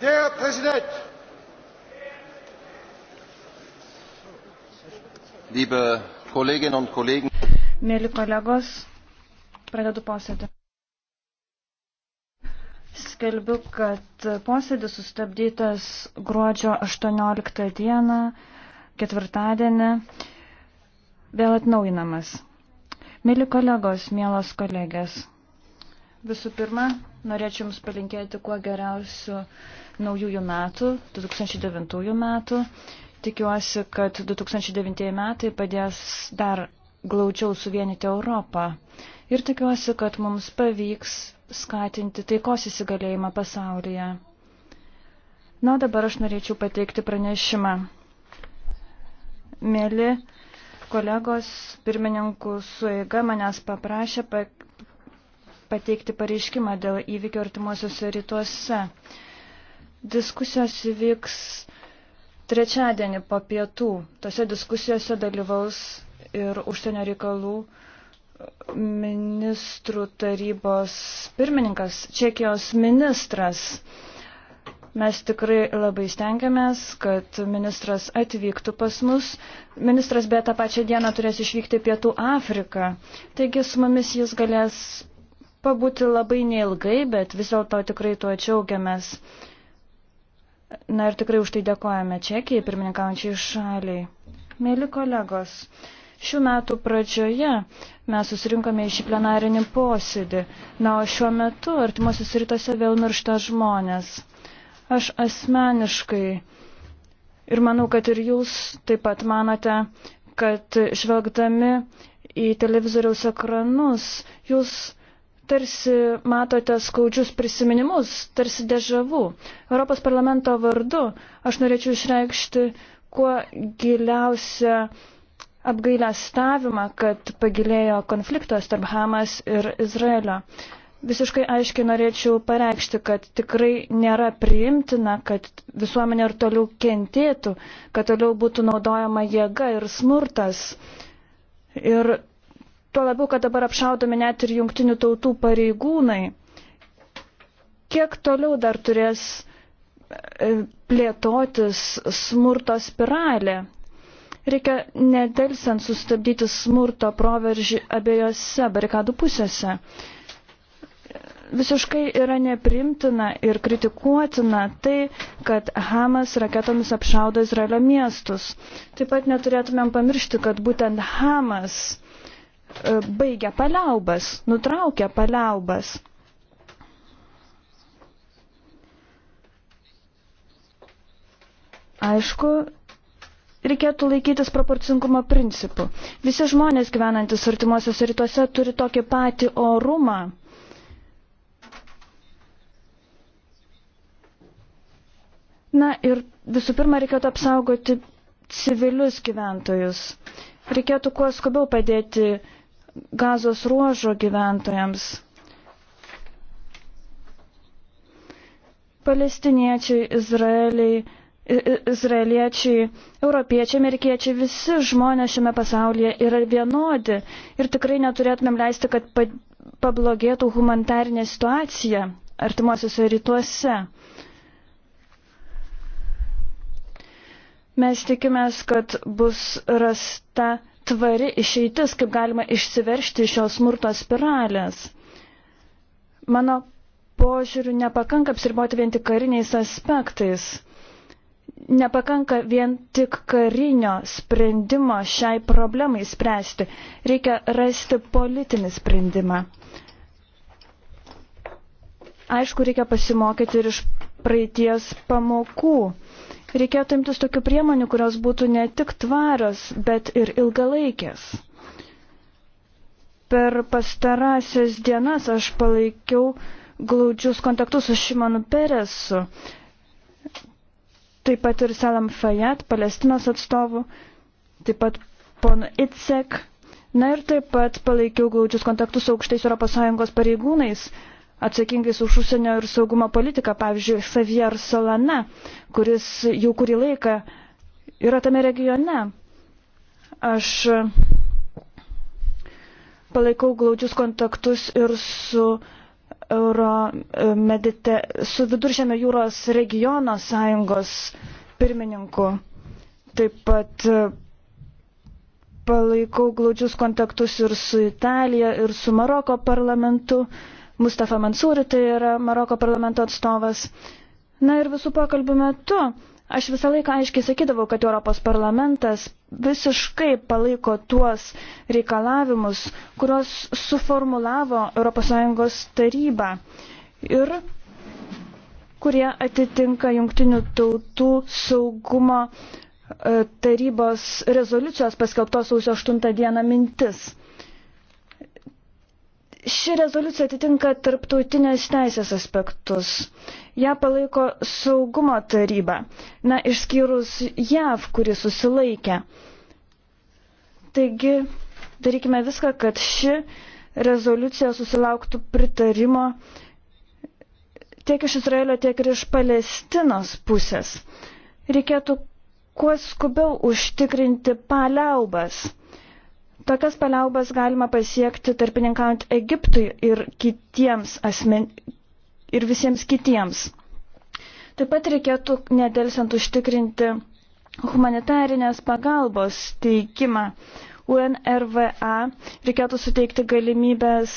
Der Präsident! Liebe Kolleginnen und Kollegen! Mėly kolegos, pradedu posėdį. Skelbiu, kad posėdis sustabdytas gruodžio 18 dieną, ketvirtadienį, vėl atnaujinamas. Mėly kolegos, mielos kolegės. Visų pirma, norėčiau Jums palinkėti kuo geriausių naujųjų metų, 2009 metų. Tikiuosi, kad 2009 metai padės dar glaučiau suvienyti Europą. Ir tikiuosi, kad mums pavyks skatinti taikos įsigalėjimą pasaulyje. Na, dabar aš norėčiau pateikti pranešimą. Mėly kolegos pirmininkų suėga manęs paprašė pateikti pareiškimą dėl įvykio artimuosiuose rytuose. Diskusijos įvyks trečiadienį po pietų. Tose diskusijose dalyvaus ir užsienio reikalų ministrų tarybos pirmininkas, Čekijos ministras. Mes tikrai labai stengiamės, kad ministras atvyktų pas mus. Ministras beje tą pačią dieną turės išvykti Pietų Afriką. Taigi su mumis jis galės pabūti labai neilgai, bet vis dėlto tikrai tuo džiaugiamės. Na ir tikrai už tai dėkojame Čekijai, pirmininkaujančiai šaliai. Mėly kolegos, šių metų pradžioje mes susirinkome į šį plenarinį posėdį, na o šiuo metu artimuosius rytuose vėl miršta žmonės. Aš asmeniškai ir manau, kad ir jūs taip pat manote, kad žvelgdami į televizoriaus ekranus, jūs tarsi matote skaudžius prisiminimus, tarsi dežavų. Europos parlamento vardu aš norėčiau išreikšti kuo giliausią apgailę stavimą, kad pagilėjo konfliktas tarp Hamas ir Izraelio. Visiškai aiškiai norėčiau pareikšti, kad tikrai nėra priimtina, kad visuomenė ir toliau kentėtų, kad toliau būtų naudojama jėga ir smurtas. Ir Tuo labiau, kad dabar apšaudomi net ir jungtinių tautų pareigūnai. Kiek toliau dar turės e, plėtotis smurto spiralė? Reikia nedelsiant sustabdyti smurto proveržį abiejose barikadų pusėse visiškai yra neprimtina ir kritikuotina tai, kad Hamas raketomis apšaudo Izraelio miestus. Taip pat neturėtumėm pamiršti, kad būtent Hamas E, baigia paliaubas, nutraukia paliaubas. Aišku, reikėtų laikytis proporcingumo principų. Visi žmonės gyvenantis artimuosiuose rytuose turi tokį patį orumą. Na ir visų pirma reikėtų apsaugoti civilius gyventojus. Reikėtų kuo skubiau padėti gazos ruožo gyventojams. Palestiniečiai, izraeliai, izraeliečiai, europiečiai, amerikiečiai, visi žmonės šiame pasaulyje yra vienodi ir tikrai neturėtumėm leisti, kad pablogėtų humanitarinė situacija artimuosiuose rytuose. Mes tikimės, kad bus rasta tvari išeitis, kaip galima išsiveršti šios smurto spiralės. Mano požiūriu nepakanka apsiriboti vien tik kariniais aspektais. Nepakanka vien tik karinio sprendimo šiai problemai spręsti. Reikia rasti politinį sprendimą. Aišku, reikia pasimokyti ir iš praeities pamokų. Reikėtų imtis tokių priemonių, kurios būtų ne tik tvarios, bet ir ilgalaikės. Per pastarąsias dienas aš palaikiau glaudžius kontaktus su Šimonu Peresu, taip pat ir Salam Fayat, Palestinos atstovu, taip pat ponu Itsek. Na ir taip pat palaikiau glaudžius kontaktus su aukštais ES pareigūnais, atsakingais už užsienio ir saugumo politiką, pavyzdžiui, Xavier Solana, kuris jau kurį laiką yra tame regione. Aš palaikau glaudžius kontaktus ir su, Euro, e, medite, su Viduržėme jūros regiono sąjungos pirmininku. Taip pat e, palaikau glaudžius kontaktus ir su Italija, ir su Maroko parlamentu. Uh, Mustafa Mansūri, tai yra Maroko parlamento atstovas. Na ir visų pokalbių metu aš visą laiką aiškiai sakydavau, kad Europos parlamentas visiškai palaiko tuos reikalavimus, kuriuos suformulavo ES taryba ir kurie atitinka jungtinių tautų saugumo e, tarybos rezoliucijos paskelbtos sausio 8 dieną mintis. Ši rezoliucija atitinka tarptautinės teisės aspektus. Ja palaiko saugumo taryba, na, išskyrus JAV, kuri susilaikė. Taigi, darykime viską, kad ši rezoliucija susilauktų pritarimo tiek iš Izraelio, tiek ir iš Palestinos pusės. Reikėtų kuo skubiau užtikrinti paliaubas. Tokias paliaubas galima pasiekti tarpininkaujant Egiptui ir, kitiems asmen... ir visiems kitiems. Taip pat reikėtų nedelsiant užtikrinti humanitarinės pagalbos teikimą. UNRWA reikėtų suteikti galimybės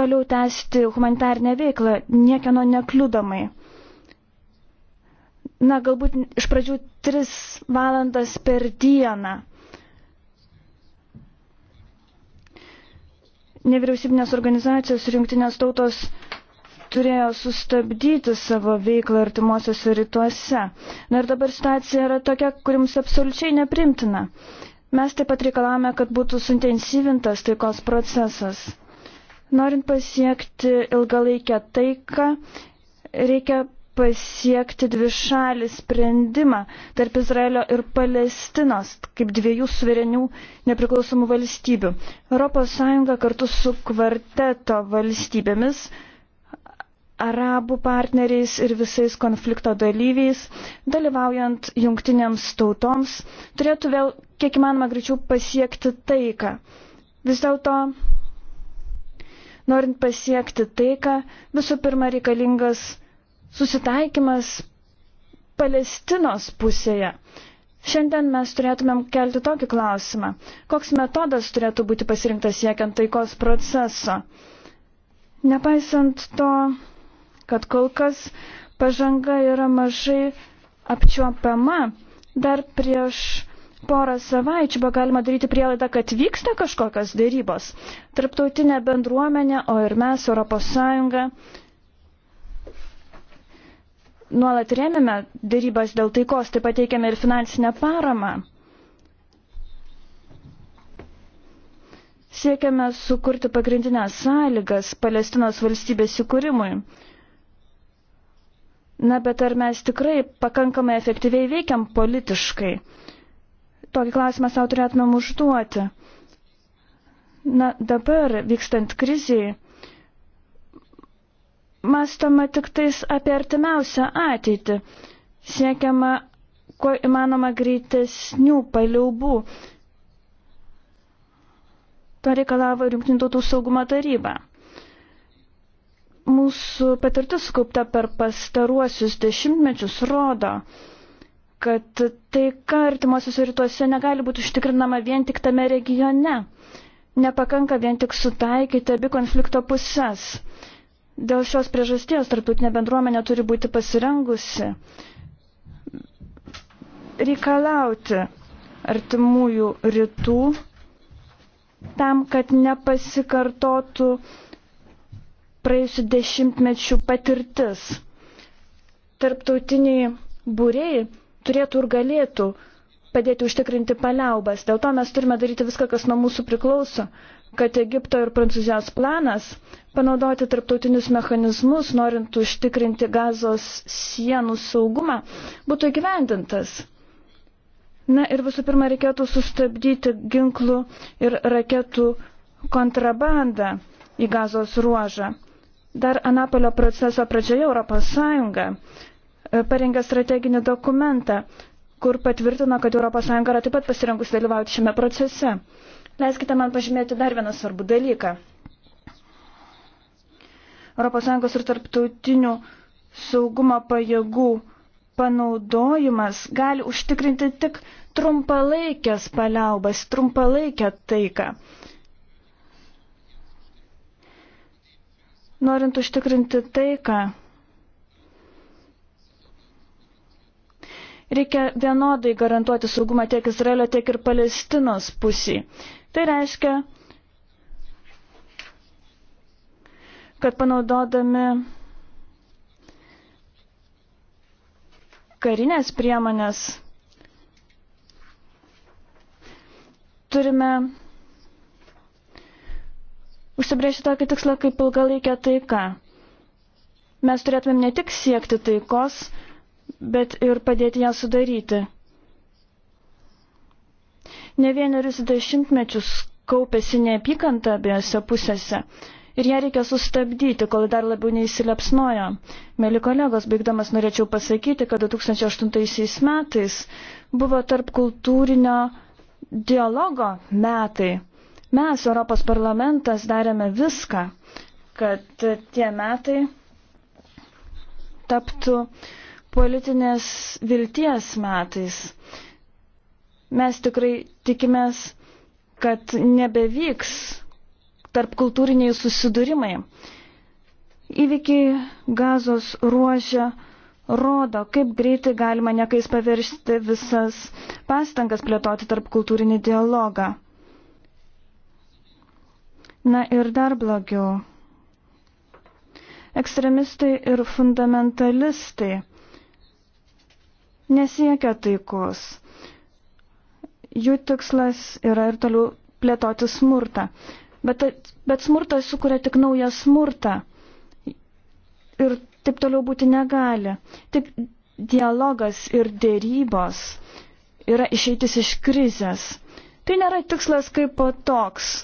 toliau tęsti humanitarinę veiklą niekieno nekliudomai. Na, galbūt iš pradžių tris valandas per dieną nevyriausybinės organizacijos ir jungtinės tautos turėjo sustabdyti savo veiklą artimuosiuose rytuose. Na ir dabar situacija yra tokia, kuriams absoliučiai neprimtina. Mes taip pat reikalavome, kad būtų suintensyvintas taikos procesas. Norint pasiekti ilgalaikę taiką, reikia pasiekti dvišalį sprendimą tarp Izraelio ir Palestinos kaip dviejų suverenių nepriklausomų valstybių. ES kartu su kvarteto valstybėmis, arabų partneriais ir visais konflikto dalyviais, dalyvaujant jungtinėms tautoms, turėtų vėl kiek įmanoma greičiau pasiekti taiką. Vis dėlto norint pasiekti taiką, visų pirma reikalingas susitaikymas Palestinos pusėje. Šiandien mes turėtumėm kelti tokį klausimą. Koks metodas turėtų būti pasirinktas siekiant taikos proceso? Nepaisant to, kad kol kas pažanga yra mažai apčiuopiama, dar prieš porą savaičių buvo galima daryti prielaidą, kad vyksta kažkokios dėrybos. Tarptautinė bendruomenė, o ir mes, Europos Sąjunga, nuolat rėmėme dėrybas dėl taikos, taip pat teikėme ir finansinę paramą. Siekiame sukurti pagrindinės sąlygas Palestinos valstybės įkūrimui. Na, bet ar mes tikrai pakankamai efektyviai veikiam politiškai? Tokį klausimą savo turėtumėm užduoti. Na, dabar vykstant kriziai, mastoma tik tais apie artimiausią ateitį. Siekiama, kuo įmanoma, greitesnių paliaubų. To reikalavo ir Junktinių tautų saugumo taryba. Mūsų patirtis kaupta per pastaruosius dešimtmečius rodo, kad taika artimuosiuose rytuose negali būti užtikrinama vien tik tame regione. Nepakanka vien tik sutaikyti abi konflikto pusės Dėl šios priežasties tarptautinė bendruomenė turi būti pasirengusi reikalauti artimųjų rytų tam, kad nepasikartotų praėjusių dešimtmečių patirtis. Tarptautiniai būrėjai turėtų ir galėtų padėti užtikrinti paliaubas. Dėl to mes turime daryti viską, kas nuo mūsų priklauso, kad Egipto ir Prancūzijos planas panaudoti tarptautinius mechanizmus, norint užtikrinti gazos sienų saugumą, būtų įgyvendintas. Na ir visų pirma, reikėtų sustabdyti ginklų ir raketų kontrabandą į gazos ruožą. Dar Anapolio proceso pradžioje ES e, parengė strateginį dokumentą, kur patvirtino, kad ES yra taip pat pasirengus dalyvauti šiame procese. Leiskite man pažymėti dar vieną svarbų dalyką. ES ir tarptautinių saugumo pajėgų panaudojimas gali užtikrinti tik trumpalaikės paliaubas, trumpalaikę taiką. Norint užtikrinti taiką, Reikia vienodai garantuoti saugumą tiek Izraelio, tiek ir Palestinos pusiai. Tai reiškia, kad panaudodami karinės priemonės turime užsibrėžti tokį tikslą kaip ilgalaikė taika. Mes turėtumėm ne tik siekti taikos, bet ir padėti ją sudaryti. Ne vienerius dešimtmečius kaupėsi neapykanta abiejose pusėse ir ją reikia sustabdyti, kol dar labiau neįsilepsnoja. Mėly kolegos, baigdamas norėčiau pasakyti, kad 2008 metais buvo tarp kultūrinio dialogo metai. Mes, Europos parlamentas, darėme viską, kad tie metai taptų uh, politinės vilties metais. Mes tikrai tikimės, kad nebevyks tarp kultūriniai susidūrimai. Įvykiai gazos ruožė rodo, kaip greitai galima nekais pavirsti visas pastangas plėtoti tarp kultūrinį dialogą. Na ir dar blogiau. Ekstremistai ir fundamentalistai nesiekia taikos. Jų tikslas yra ir toliau plėtoti smurtą. Bet, bet smurtas sukuria tik naują smurtą. Ir taip toliau būti negali. Tik dialogas ir dėrybos yra išeitis iš krizės. Tai nėra tikslas kaip toks.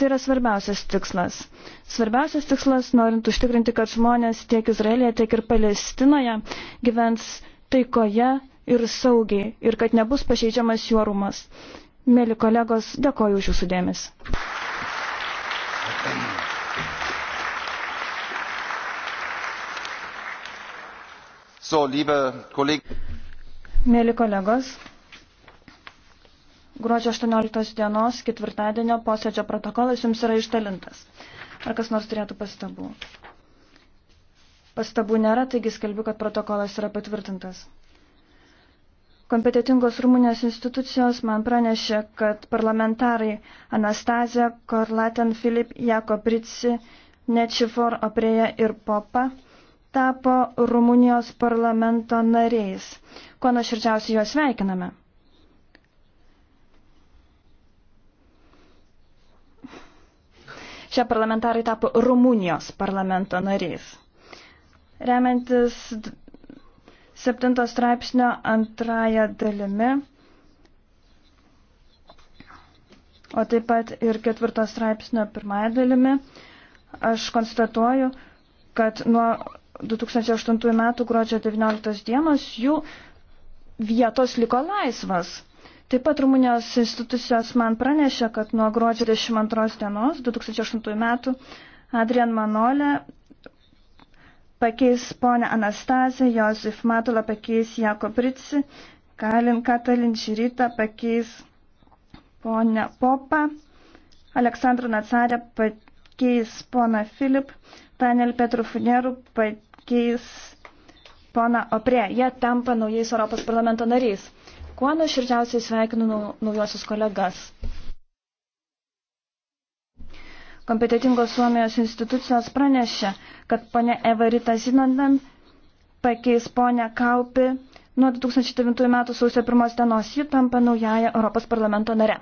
Tai yra svarbiausias tikslas. Svarbiausias tikslas, norint užtikrinti, kad žmonės tiek Izraelėje, tiek ir Palestinoje gyvens taikoje ir saugiai ir kad nebus pažeidžiamas juorumas. Mėly kolegos, dėkoju už jūsų dėmesį. So, liebe Kollegen. Mėly kolegos, Gruodžio 18 dienos ketvirtadienio posėdžio protokolas jums yra išdalintas. Ar kas nors turėtų pastabų? Pastabų nėra, taigi skelbiu, kad protokolas yra patvirtintas. Kompetitingos Rumunijos institucijos man pranešė, kad parlamentarai Anastazija, Korlaten, Filip, Jakoprici, Nečifor, Opreja ir Popa tapo Rumunijos parlamento nariais. Kuo nuoširdžiausiai juos sveikiname. Šie parlamentarai tapo Rumunijos parlamento nariais. Remiantis 7 straipsnio antrąją dalimi, o taip pat ir 4 straipsnio pirmąją dalimi, aš konstatuoju, kad nuo 2008 metų gruodžio 19 dienos jų vietos liko laisvas. Taip pat Rumunijos institucijos man pranešė, kad nuo gruodžio 22 dienos 2008 metų Adrian Manolė pakeis ponę Anastaziją, Josif Matula pakeis Jako Pritsi, Kalin Katalin Širita pakeis ponę Popą, Aleksandrą Nacarę pakeis poną Filip, Daniel Petru Funerų pakeis poną Opre. Jie tampa naujais Europos parlamento nariais. Kuo nuoširdžiausiai sveikinu naujosius kolegas. Kompetitingos Suomijos institucijos pranešė, kad ponė Evarita Zinandan pakeis ponę Kaupi nuo 2009 m. sausio 1 dienos. Ji tampa naująją Europos parlamento nare.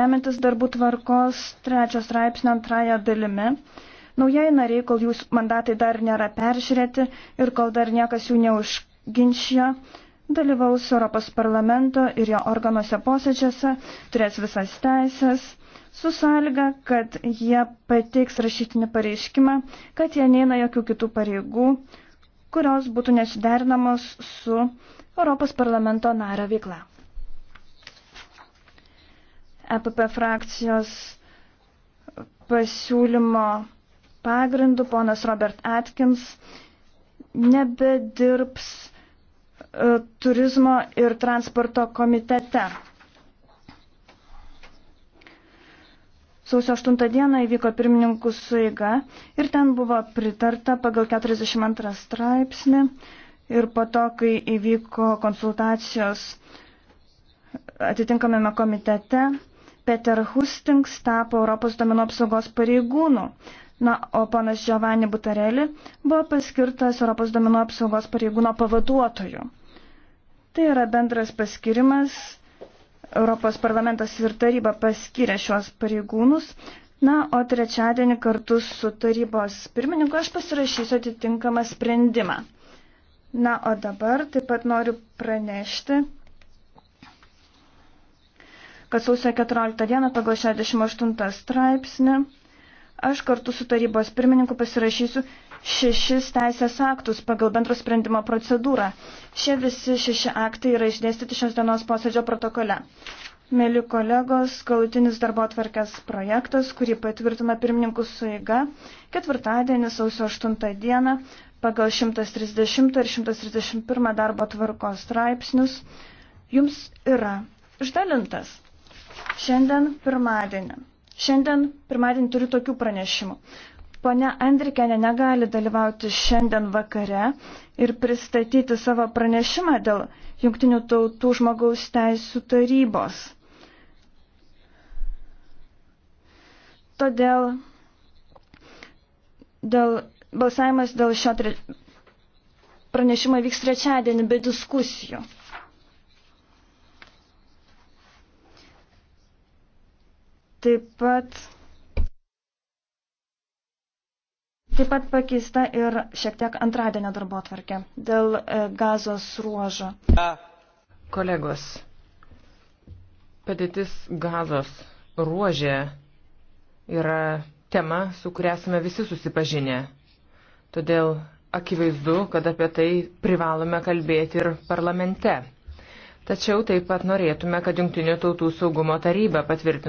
Remiantis darbų tvarkos trečios straipsnio antrąją dalimi, naujai nariai, kol jų mandatai dar nėra peržiūrėti ir kol dar niekas jų neužkirti, ginčia dalyvaus Europos parlamento ir jo organuose posėdžiuose, turės visas teisės, su sąlyga, kad jie pateiks rašytinį pareiškimą, kad jie neina jokių kitų pareigų, kurios būtų nesiderinamos su Europos parlamento nario veikla. EPP frakcijos pasiūlymo pagrindu ponas Robert Atkins nebedirbs E, turizmo ir transporto komitete. Sausio 8 dieną įvyko pirmininkų suiga ir ten buvo pritarta pagal 42 straipsnį ir po to, kai įvyko konsultacijos atitinkamame komitete, Peter Hustings tapo Europos domenų apsaugos pareigūnų. Na, o panas Giovanni Butareli buvo paskirtas Europos domenų apsaugos pareigūno pavaduotoju. Tai yra bendras paskirimas. Europos parlamentas ir taryba paskiria šios pareigūnus. Na, o trečiadienį kartu su tarybos pirmininku aš pasirašysiu atitinkamą sprendimą. Na, o dabar taip pat noriu pranešti, kad sausio 14 dieną pagal 68 straipsnį aš kartu su tarybos pirmininku pasirašysiu šešis teisės aktus pagal bendro sprendimo procedūrą. Šie visi šeši aktai yra išdėstyti šios dienos posėdžio protokole. Mėly kolegos, galutinis darbo atvarkės projektas, kurį patvirtina pirmininkų suiga, ketvirtadienį sausio 8 dieną pagal 130 ir 131 darbo tvarkos straipsnius, jums yra išdalintas. Šiandien pirmadienį. Šiandien pirmadienį turiu tokių pranešimų. Pone Andrikėne negali dalyvauti šiandien vakare ir pristatyti savo pranešimą dėl Junktinių tautų žmogaus teisų tarybos. Todėl dėl, balsavimas dėl šio tre... pranešimo vyks trečiadienį be diskusijų. Taip pat Taip pat pakeista ir šiek tiek antradienio darbo tvarkė dėl e, gazos ruožo. Kolegos, padėtis gazos ruožė yra tema, su kuria esame visi susipažinę. Todėl akivaizdu, kad apie tai privalome kalbėti ir parlamente. Tačiau taip pat norėtume, kad Junktinių tautų saugumo taryba patvirtintų.